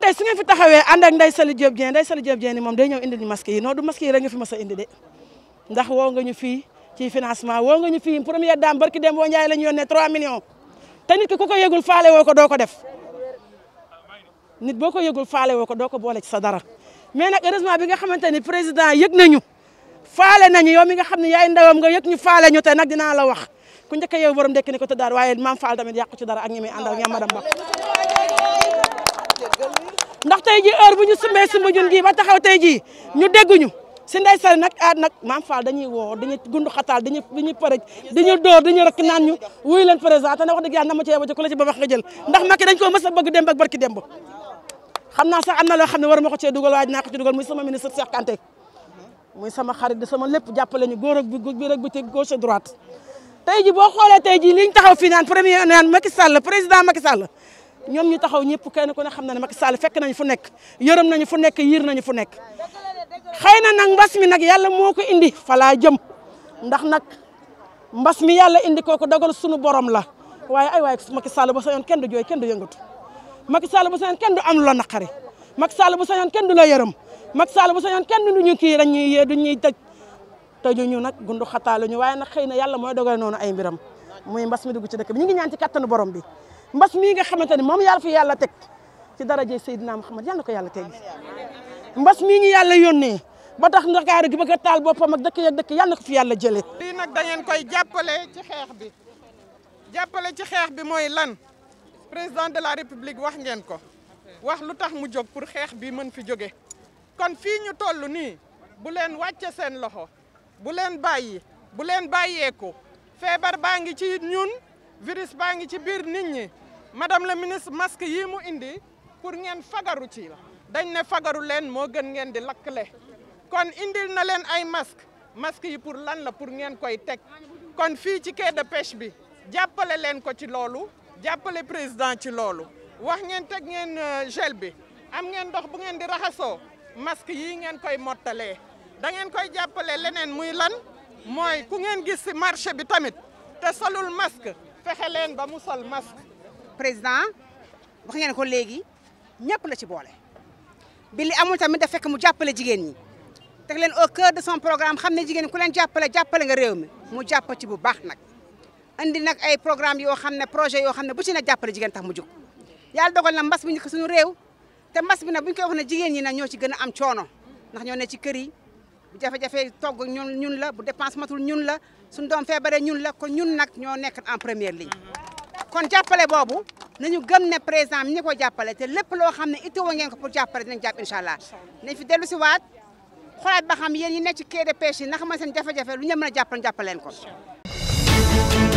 tey su ngeen fi taxawee ànd ak Ndeye Saly Diop Dieng Ndeye Saly Diop Dieng ni moom day ñëw indi ñu masque yi du masque yi rek nga fi mas a indi de ndax woo nga ñu fii ci financement woo nga ñu fii première dame barki dem boo Ndiaye la ñu yónnee 3 millions te nit ki ku ko yëgul faale woo ko doo ko def nit boo ko yëgul faale woo ko doo ko boole ci sa dara mais nag heureusement bi nga xamante ni président yëg nañu faale na ñu yow mi nga xam ne yaay ndawam nga yëg ñu faale ñu te nag dinaa la wax ku njëkk yow borom dekk ni ko tëddaar waaye maam Fall tamit yàqu ci dara ak ñi muy àndal ñoom madame Ba ndax tey ji heure bu ñu sumbee sumba ñun gii ba taxaw tey jii ñu dégguñu si ndey sali nag aat ah nag maam Fall dañuy woo dañuy gund xataal dañuy dañuy përëj dañuy door dañuy rëkk naan ñu wuyu leen président te na wax dëgg yàlla na ma ci yeboo ci ba wax nga jël ndax Macky dañ koo mës a bëgg démb ak barki démb xam naa sax am na loo xam ne war ma ko cee dugal waaye dinaa ko ci sama ministre Cheikh Kanté muy sama sama lépp jàppale ñu góor ak bi góor ak biti gauche droite tey ji boo xoolee tey ji liñ taxaw fii naan premier naan Macky Sall président Macky Sall ñoom ñu taxaw ñëpp kenn ko ne xam na ne Macky Sall fekk nañu fu nekk yërëm nañu fu nekk yiir nañu fu nekk xëy na nag mbas mi nag yàlla moo ko indi falaa jëm ndax nag mbas mi yàlla indi kooku dogal suñu borom la waaye ay waaye Macky Sall bu sañoon kenn du jooy kenn du yëngatu Macky Sall bu sañoon kenn du am lu la naqari Macky Sall bu sañoon kenn du la yërëm Macky Sall bu sañoon kenn du ñu kii dañ ñuy yee tëjuñu nag xa xataalu ñu waaye na xëy na yàlla mooy dogal noonu ay mbiram muy mbas mi dugg ci dëkk bi ñu ngi ñaan ci kattanu borom bi mbas mii nga xamante ni moom yàlla fi yàlla teg ci daraje Seydina Muhammad yàlla na ko yàlla teggi mbas mii ñu yàlla yónnee ba tax Ndakaaru gi bëgg a taal boppam ak dëkk yeeg dëkk yàlla ko fi yàlla jëlee. lii nag da koy jàppale ci xeex bi ci xeex bi mooy lan président de la république wax ngeen ko wax lu tax mu jóg pour xeex bi mën fi jóge kon fii ñu toll nii bu leen wàcce seen loxo bu leen bàyyi bu leen bàyyeeku feebar baa ngi ci ñun virus baa ngi ci biir nit ñi madame la ministre masque yi mu indi pour ngeen fagaru ci la dañ ne fagaru leen moo gën ngeen di lakkle kon indil na leen ay masque masque yi pour lan la pour ngeen koy teg kon fii ci quai de pêche bi jàppale leen ko ci loolu jàppale président ci loolu wax ngeen teg ngeen euh, gel bi am ngeen ndox bu ngeen di raxasoo masque yi ngeen koy mottalee da ngeen koy jàppale leneen muy lan mooy ku ngeen gis ci marché bi tamit te solul masque fexe leen ba mu sol masque. président wax ngeen ko léegi ñëpp la ci boole bi li amul tamit da fekk mu jàppale jigéen ñi teg leen au cœur de son programme xam ne jigéen ku leen jàppale jàppale nga réew mi mu jàpp ci bu baax nag. andi nag ay programme yoo xam ne projet yoo xam ne bu ci ne jàppale jigéen tax mu jóg yàlla dogal na mbas bi njëkk suñu réew te mbas bi nag bu ñu koy wax jigéen ñi nag ñoo ci gën a am coono ndax ñoo ne ci kër yi. bu jafe-jafe togg ñun ñun la bu dépense matul ñun la suñ doom feebaree ñun la ko ñun nag ñoo nekk en première ligne kon jàppale boobu ñu gën ne président mi ñu ko jàppale te lépp loo xam ne itteewoo ngeen ko pour jàppale dinañ jàpp incha allah nañ fi dellu si waat xoolaat ba yéen yi nekk ci quai de pêche yi naka ma seen jafe-jafe lu ñama mën a jàppale jàppaleen ko